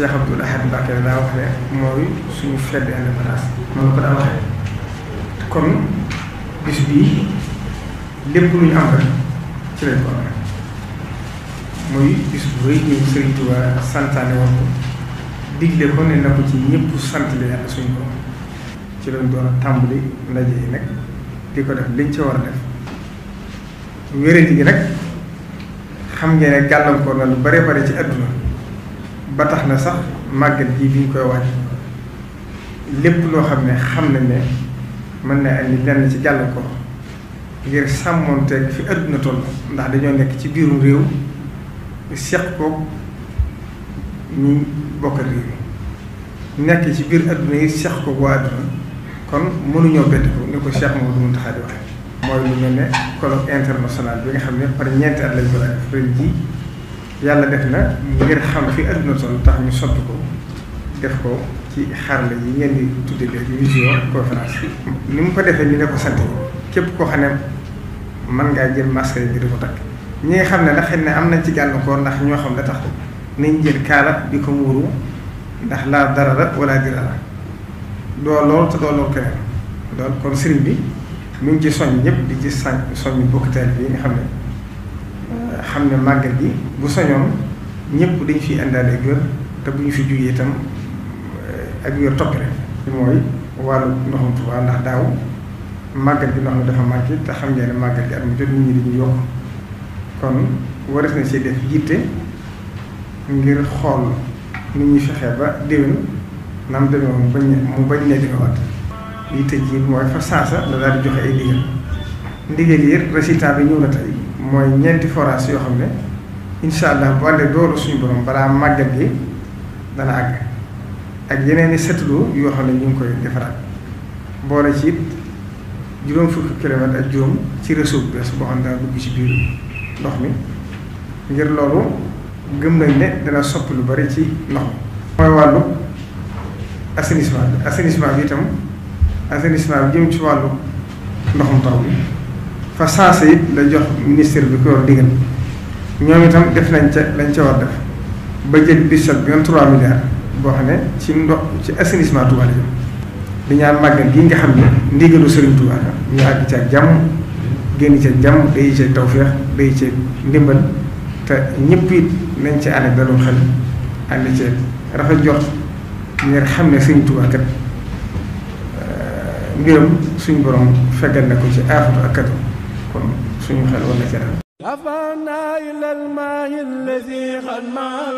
Cheikh Abdoul Ahad Mbacké daa wax ne mooy suñu fête indépendance moom la ko daa waxee kon bis bii lépp lu ñu am rek ci lañ ko amee muy bis bu rëy ñëw Sëriñ Tuubaa santaane woon ko digle ko ne na ko ci ñëpp sant leen ak suñu borom ci lañ doon tàmbali ndaje yi nag di ko def liñ ci war a def wérante gi nag xam ngeen ne gàllankoor na lu bare bare ci àdduna ba tax na sax màggat ji bi ñu koy waaj lépp loo xam ne xam nañ ne mën na andi lenn ci jàll ko ngir sàmmoonteeg fi adduna toll ndax dañoo nekk ci biirum réew seq ko ñu bokk réew nekk ci biir adduna yi seq ko waa adduna kon mënuñoo bett ko ni ko Cheikh Mamadou Mountakha di waxee. mooy lu mel ne colloque international bi nga xam ne par ñeenti at lañ ko def ren jii. يلا دفنا غير خام في أدنى زون تاع ني صدقو دفكو كي خار لي ني ني تودي لي فيزيو كونفرنس نيم كو دفي ني نكو سانتي كيب كو خنم مان غا جيم ماسكري دي دوكو تاك ني خامنا لا خين امنا سي جان كو ناخ ньо خام لا تاخ ني نجير كالا ديكو مورو ناخ لا ضرر ولا ضرر دو لول تا دو لول كاي دون كون سيرين بي مي نجي سوني نيب دي جي سان سوني بوكتال بي ني خامني xam ne màggal gi bu soñoon ñëpp dañ fi indaale ak wér te bu ñu fi jugee itam eh, ak wér topp rek mooy wàllu ndoxum Tuubaa ndax daaw màggal gi ndox mi dafa manqué te xam ngeen ne màggal gi at mu jot nit ñi dañuy yokk kon waras na ci def yitte ngir xool ni ñuy fexee ba déwén nam demee mu bañ mu bañ ne dingawaat yitte ji mooy fa saasa la daal di joxe ay ndigal ndigal yi résultat bi ñëw na tey mooy ñeenti forage yoo xam ne incha allah bu àndee doolu suñu borom balaa màggal gi dana àgg ak yeneen i setlu yoo xam ne ñu ngi koy defaraat boole ci juróom fukki kilomètre ak juróom ci réseau bu bees boo xam ne dana dugg ci biir ndox mi ngir loolu gëm nañ ne dana soppi lu bari ci ndox mi. mooy wàllu assainissement bi bi itam assainissement bi jëm ci wàllu ndoxum taw bi. fa saasa it la jox ministre bi ko war digal ñoom itam def nañ ca lañ ca war def ba jël budget bi 3 milliards boo xam ne ci ndox ci assainissement Touba la di ñaan màggal gi nga xam ne ndigalu Serigne Touba la ñu àgg ca jàmm génn ca jàmm day ca tawféex day ca ndimbal te ñëpp it nañ ca ànd dalu xel ànd ca rafa jox ngir xam ne Serigne Touba kat euh, mbiram suñ borom fegal na ko ci aafatu ak katu فيهم حلوة كده أفانا إلى الماء الذي قد